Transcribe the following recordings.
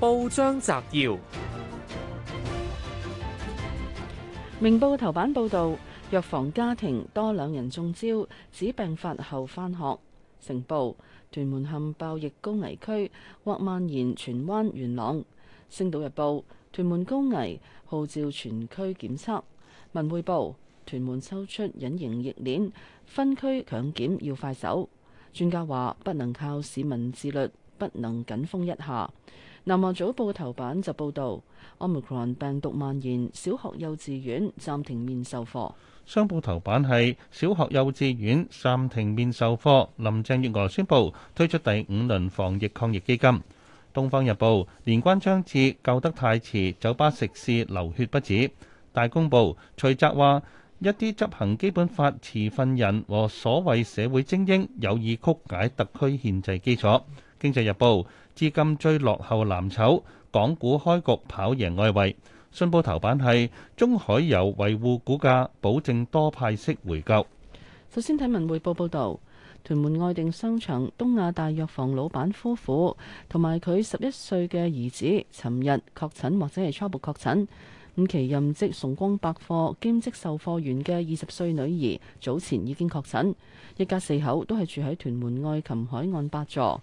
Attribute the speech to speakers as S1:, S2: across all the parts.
S1: 報章摘要：明報頭版報道，藥房家庭多兩人中招，指病發後返學。成報屯門陷爆疫高危區，或蔓延荃灣、元朗。星島日報屯門高危，號召全區檢測。文匯報屯門抽出隱形疫鏈，分區強檢要快手。專家話不能靠市民自律，不能緊封一下。南華早報嘅頭版就報導，奧密克戎病毒蔓延，小學幼稚園暫停面授課。
S2: 商報頭版係小學幼稚園暫停面授課。林鄭月娥宣布推出第五輪防疫抗疫基金。《東方日報》年關將至，救得太遲，酒吧食肆流血不止。《大公報》徐澤話：一啲執行基本法持份人和所謂社會精英有意曲解特區憲制基礎。《經濟日報》資金追落後藍籌，港股開局跑贏外圍。信報頭版係中海油維護股價，保證多派息回購。
S1: 首先睇文匯報報道，屯門愛定商場東亞大藥房老板夫婦同埋佢十一歲嘅兒子，尋日確診或者係初步確診。五期任職崇光百貨兼職售貨員嘅二十歲女兒，早前已經確診。一家四口都係住喺屯門愛琴海岸八座。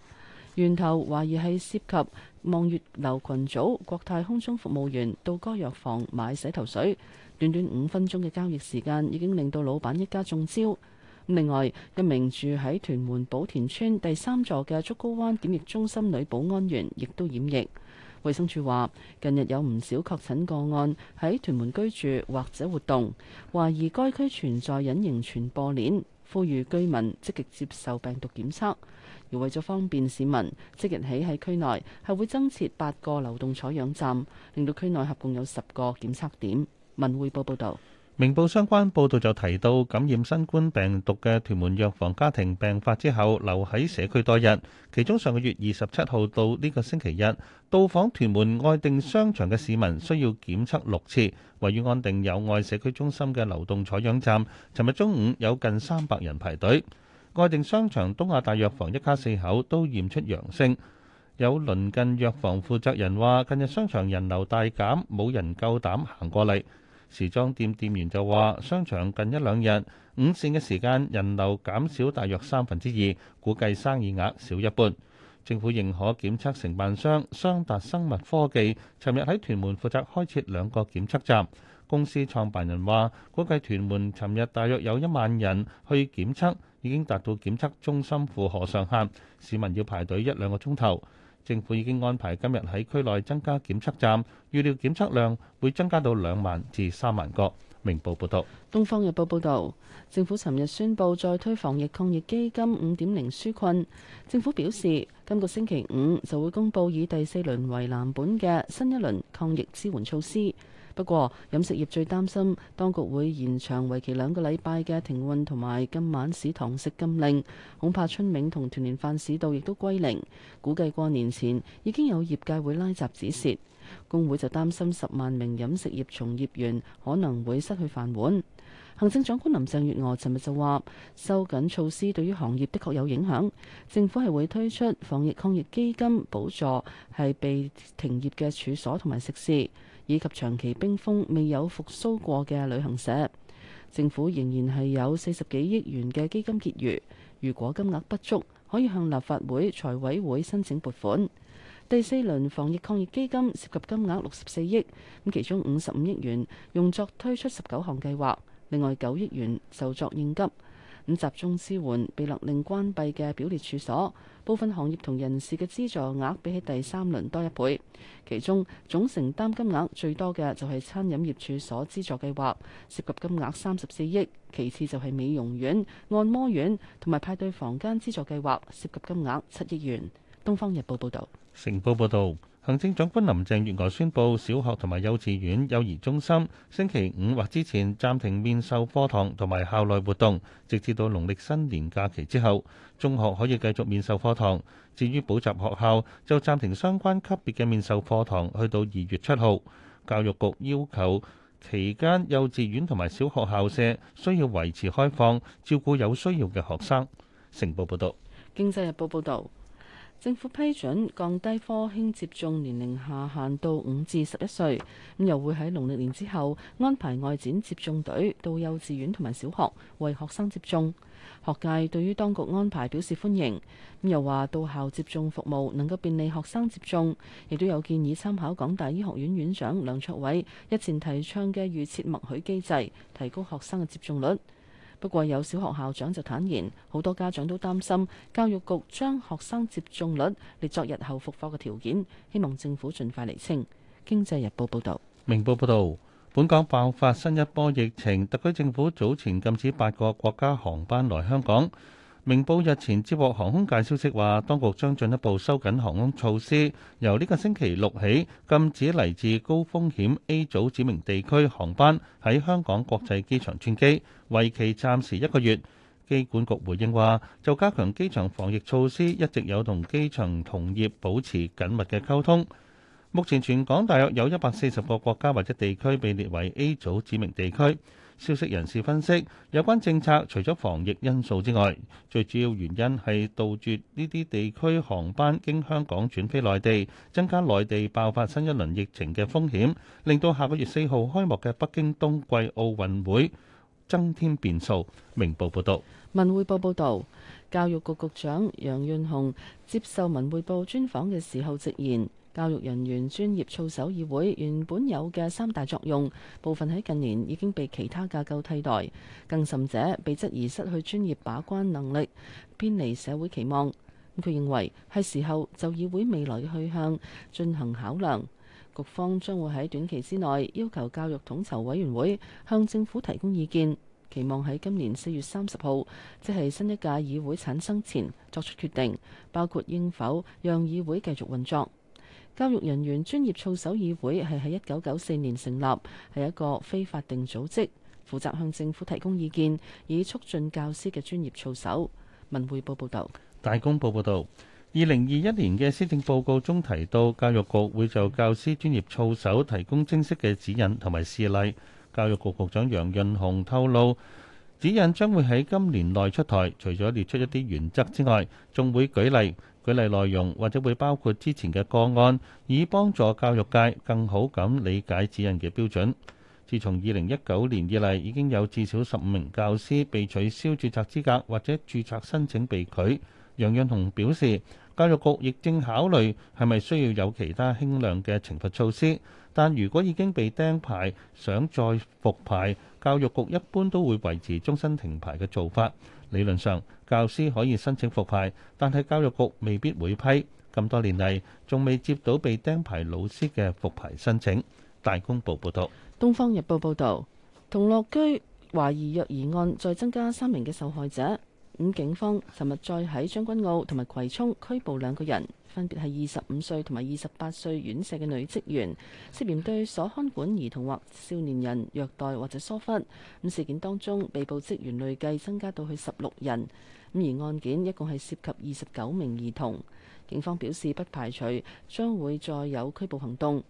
S1: 源頭懷疑係涉及望月樓群組，國泰空中服務員到該藥房買洗頭水，短短五分鐘嘅交易時間已經令到老闆一家中招。另外，一名住喺屯門寶田村第三座嘅竹篙灣檢疫中心女保安員亦都染疫。衛生署話，近日有唔少確診個案喺屯門居住或者活動，懷疑該區存在隱形傳播鏈，呼籲居民積極接受病毒檢測。而為咗方便市民，即日起喺區內係會增設八個流動採樣站，令到區內合共有十個檢測點。文匯報報導，
S2: 明報相關報導就提到，感染新冠病毒嘅屯門藥房家庭病發之後，留喺社區多日，其中上個月二十七號到呢個星期日到訪屯門愛定商場嘅市民需要檢測六次，位於安定友愛社區中心嘅流動採樣站，尋日中午有近三百人排隊。愛定商場、東亞大藥房一家四口都驗出陽性。有鄰近藥房負責人話，近日商場人流大減，冇人夠膽行過嚟。時裝店店員就話，商場近一兩日午線嘅時間人流減少大約三分之二，估計生意額少一半。政府認可檢測承辦商雙達生物科技，尋日喺屯門負責開設兩個檢測站。公司創辦人話，估計屯門尋日大約有一萬人去檢測。已經達到檢測中心負荷上限，市民要排隊一兩個鐘頭，政府已經安排今日喺區內增加檢測站，預料檢測量會增加到兩萬至三萬個。明報報道：
S1: 《東方日報》報道，政府尋日宣布再推防疫抗疫基金五點零紓困。政府表示，今個星期五就會公布以第四輪為藍本嘅新一輪抗疫支援措施。不過，飲食業最擔心當局會延長為期兩個禮拜嘅停運同埋今晚市堂食禁令，恐怕春茗同團年飯市道亦都歸零。估計過年前已經有業界會拉閘止蝕。工會就擔心十萬名飲食業從業員可能會失去飯碗。行政長官林鄭月娥尋日就話，收緊措施對於行業的確有影響。政府係會推出防疫抗疫基金補助，係被停業嘅處所同埋食肆，以及長期冰封未有復甦過嘅旅行社。政府仍然係有四十幾億元嘅基金結餘，如果金額不足，可以向立法會財委會申請撥款。第四輪防疫抗疫基金涉及金額六十四億，咁其中五十五億元用作推出十九項計劃，另外九億元就作應急咁集中支援被勒令關閉嘅表列處所，部分行業同人士嘅資助額比起第三輪多一倍。其中總承擔金額最多嘅就係餐飲業處所資助計劃，涉及金額三十四億；其次就係美容院、按摩院同埋派對房間資助計劃，涉及金額七億元。《東方日報》報道。
S2: 成報報導，行政長官林鄭月娥宣布，小學同埋幼稚園、幼兒中心星期五或之前暫停面授課堂同埋校內活動，直至到農曆新年假期之後。中學可以繼續面授課堂，至於補習學校就暫停相關級別嘅面授課堂，去到二月七號。教育局要求期間幼稚園同埋小學校舍需要維持開放，照顧有需要嘅學生。成報報導。
S1: 經濟日報報導。政府批准降低科興接種年齡下限到五至十一歲，咁又會喺農曆年之後安排外展接種隊到幼稚園同埋小學為學生接種。學界對於當局安排表示歡迎，又話到校接種服務能夠便利學生接種，亦都有建議參考港大醫學院院長梁卓偉日前提倡嘅預設默許機制，提高學生嘅接種率。不過有小學校長就坦言，好多家長都擔心教育局將學生接種率列作日後復課嘅條件，希望政府盡快釐清。經濟日報報道。
S2: 明報報道，本港爆發新一波疫情，特區政府早前禁止八個國家航班來香港。明報日前接獲航空界消息，話當局將進一步收緊航空措施，由呢個星期六起禁止嚟自高風險 A 組指明地區航班喺香港國際機場轉機，為期暫時一個月。機管局回應話，就加強機場防疫措施，一直有同機場同業保持緊密嘅溝通。目前全港大約有一百四十個國家或者地區被列為 A 組指明地區。消息人士分析，有關政策除咗防疫因素之外，最主要原因係杜絕呢啲地區航班經香港轉飛內地，增加內地爆發新一輪疫情嘅風險，令到下個月四號開幕嘅北京冬季奧運會增添變數。明報報道。
S1: 文匯報報道，教育局局長楊潤雄接受文匯報專訪嘅時候直言。教育人員專業操守議會原本有嘅三大作用，部分喺近年已經被其他架構替代，更甚者被質疑失去專業把關能力，偏離社會期望。佢認為係時候就議會未來嘅去向進行考量。局方將會喺短期之內要求教育統籌委員會向政府提供意見，期望喺今年四月三十號，即係新一屆議會產生前作出決定，包括應否讓議會繼續運作。教育人員專業操守議會係喺一九九四年成立，係一個非法定組織，負責向政府提供意見，以促進教師嘅專業操守。文匯報報導。
S2: 大公報報導，二零二一年嘅施政報告中提到，教育局會就教師專業操守提供正式嘅指引同埋示例。教育局局長楊潤雄透露，指引將會喺今年內出台，除咗列出一啲原則之外，仲會舉例。舉例內容或者會包括之前嘅個案，以幫助教育界更好咁理解指引嘅標準。自從二零一九年以嚟，已經有至少十五名教師被取消註冊資格或者註冊申請被拒。楊潤雄表示，教育局亦正考慮係咪需要有其他輕量嘅懲罰措施。但如果已經被釘牌，想再復牌，教育局一般都會維持終身停牌嘅做法。理論上，教師可以申請復牌，但係教育局未必會批。咁多年嚟，仲未接到被釘牌老師嘅復牌申請。《大公報》報道，
S1: 《東方日報》報道，同樂居懷疑虐兒案再增加三名嘅受害者。咁警方尋日再喺將軍澳同埋葵涌拘捕兩個人，分別係二十五歲同埋二十八歲院舍嘅女職員，涉嫌對所看管兒童或少年人虐待或者疏忽。咁事件當中被捕職員累計增加到去十六人，咁而案件一共係涉及二十九名兒童。警方表示不排除將會再有拘捕行動。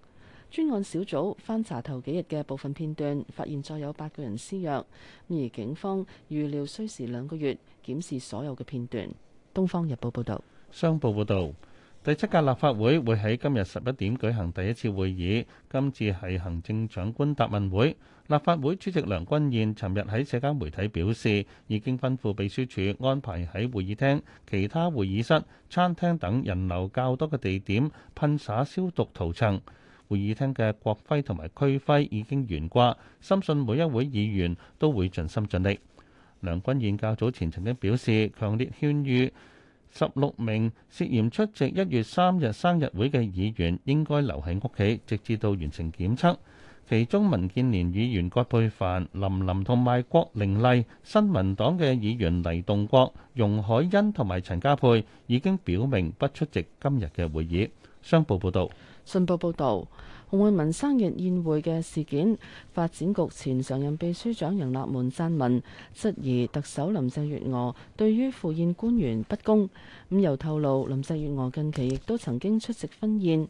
S1: 專案小組翻查頭幾日嘅部分片段，發現再有八個人私藥，而警方預料需時兩個月檢視所有嘅片段。《東方日
S2: 報》報道，《商報》報道，第七屆立法會會喺今日十一點舉行第一次會議，今次係行政長官答問會。立法會主席梁君彥尋日喺社交媒體表示，已經吩咐秘書處安排喺會議廳、其他會議室、餐廳等人流較多嘅地點噴灑消毒塗層。會議廳嘅國徽同埋區徽已經懸掛，深信每一位議員都會盡心盡力。梁君彥較早前曾經表示，強烈勸喻十六名涉嫌出席一月三日生日會嘅議員應該留喺屋企，直至到完成檢測。其中，民建聯議員葛珮帆、林琳同埋郭玲麗、新民黨嘅議員黎棟國、容海恩同埋陳家珮已經表明不出席今日嘅會議。商報報導，信報報導，
S1: 洪為民生日宴會嘅事件，發展局前常任秘書長楊立門撰文，質疑特首林鄭月娥對於赴宴官員不公。咁又透露，林鄭月娥近期亦都曾經出席婚宴。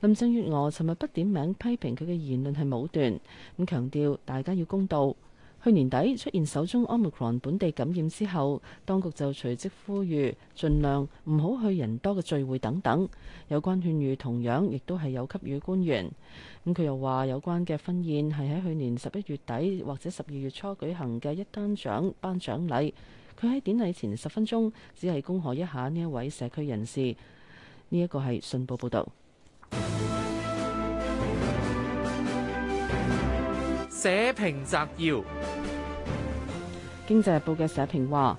S1: 林鄭月娥尋日不點名批評佢嘅言論係武斷，咁強調大家要公道。去年底出現首宗 Omicron 本地感染之後，當局就隨即呼籲，儘量唔好去人多嘅聚會等等。有關勸喻同樣亦都係有給予官員咁。佢、嗯、又話，有關嘅婚宴係喺去年十一月底或者十二月初舉行嘅一單獎頒頒獎禮。佢喺典禮前十分鐘只係恭賀一下呢一位社區人士。呢一個係信報報導。
S2: 社評摘要：
S1: 經濟日報嘅社評話，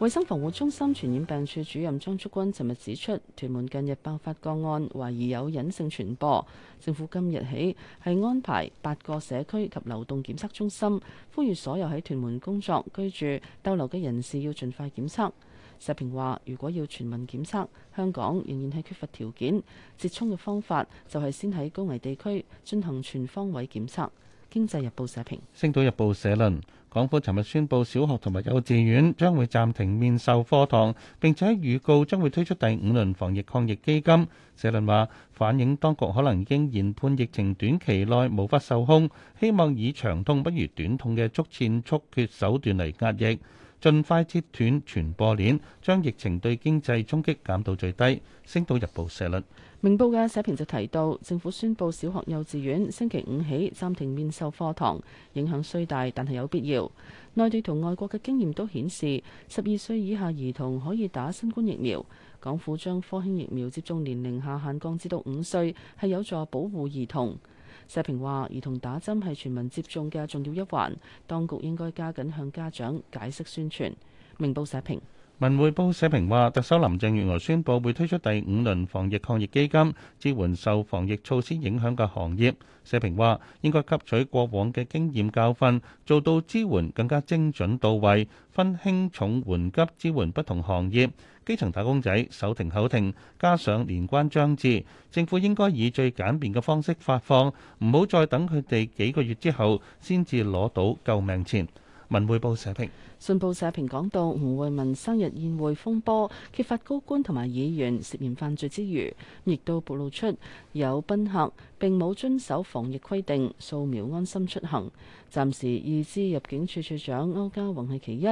S1: 衛生防護中心傳染病處主任張竹君尋日指出，屯門近日爆發個案，懷疑有隱性傳播。政府今日起係安排八個社區及流動檢測中心，呼籲所有喺屯門工作、居住、逗留嘅人士要盡快檢測。社評話，如果要全民檢測，香港仍然係缺乏條件，折衷嘅方法就係先喺高危地區進行全方位檢測。經濟日報社評。
S2: 星島日報社論，港府尋日宣布小學同埋幼稚園將會暫停面授課堂，並且預告將會推出第五輪防疫抗疫基金。社論話，反映當局可能已經研判疫情短期內無法受控，希望以長痛不如短痛嘅速戰速決手段嚟壓抑，盡快切斷傳播鏈，將疫情對經濟衝擊減到最低。星島日報社論。
S1: 明報嘅社評就提到，政府宣布小學幼稚園星期五起暫停面授課堂，影響雖大，但係有必要。內地同外國嘅經驗都顯示，十二歲以下兒童可以打新冠疫苗。港府將科興疫苗接種年齡下限降至到五歲，係有助保護兒童。社評話，兒童打針係全民接種嘅重要一環，當局應該加緊向家長解釋宣傳。明報社評。
S2: 文匯報社評話，特首林鄭月娥宣布會推出第五輪防疫抗疫基金，支援受防疫措施影響嘅行業。社評話應該吸取過往嘅經驗教訓，做到支援更加精準到位，分輕重緩急支援不同行業。基層打工仔手停口停，加上年關將至，政府應該以最簡便嘅方式發放，唔好再等佢哋幾個月之後先至攞到救命錢。文匯報社評，
S1: 信報社評講到洪為民生日宴會風波揭發高官同埋議員涉嫌犯罪之餘，亦都暴露出有賓客並冇遵守防疫規定掃描安心出行。暫時已知入境處處長區嘉宏係其一，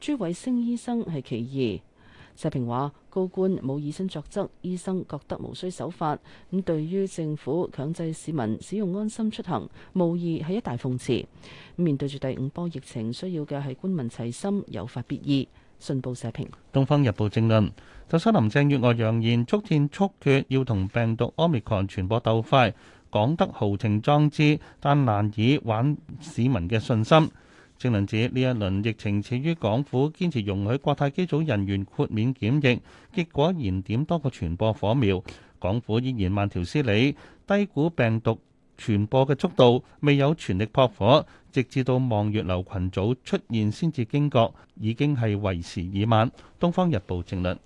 S1: 朱偉星醫生係其二。社評話：高官冇以身作則，醫生覺得無需守法。咁對於政府強制市民使用安心出行，無疑係一大諷刺。面對住第五波疫情，需要嘅係官民齊心，有法必依。信報社評，
S2: 《東方日報》正論：特首林鄭月娥揚言速戰速決，要同病毒 Omicron 傳播鬥快，講得豪情壯志，但難以挽市民嘅信心。正論指呢一輪疫情始於港府堅持容許國泰機組人員豁免檢疫，結果燃點多個傳播火苗。港府依然慢條斯理，低估病毒傳播嘅速度，未有全力撲火，直至到望月樓群組出現先至驚覺，已經係為時已晚。《東方日報》正論。